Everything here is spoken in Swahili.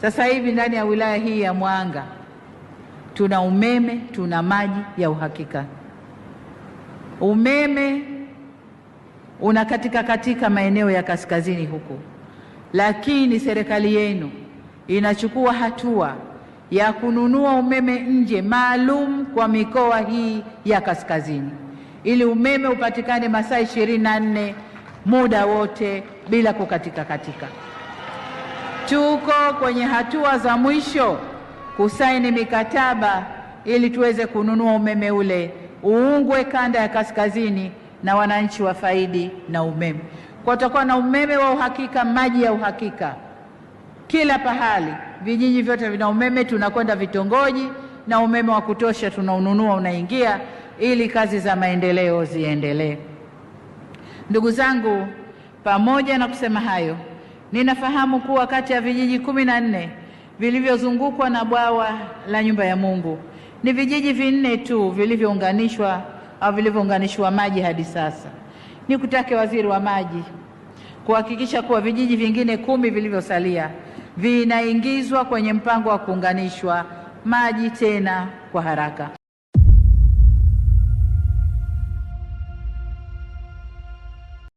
Sasa hivi ndani ya wilaya hii ya Mwanga tuna umeme, tuna maji ya uhakika. Umeme unakatika katika maeneo ya kaskazini huko, lakini serikali yenu inachukua hatua ya kununua umeme nje maalum kwa mikoa hii ya kaskazini, ili umeme upatikane masaa ishirini na nne muda wote bila kukatika katika. Tuko kwenye hatua za mwisho kusaini mikataba ili tuweze kununua umeme ule uungwe kanda ya kaskazini na wananchi wa faidi na umeme. Kwa tutakuwa na umeme wa uhakika, maji ya uhakika kila pahali, vijiji vyote vina umeme, tunakwenda vitongoji na umeme wa kutosha tunaununua, unaingia ili kazi za maendeleo ziendelee. Ndugu zangu, pamoja na kusema hayo Ninafahamu kuwa kati ya vijiji kumi na nne vilivyozungukwa na bwawa la nyumba ya Mungu ni vijiji vinne tu vilivyounganishwa au vilivyounganishwa maji hadi sasa. Nikutake waziri wa maji kuhakikisha kuwa vijiji vingine kumi vilivyosalia vinaingizwa kwenye mpango wa kuunganishwa maji tena kwa haraka.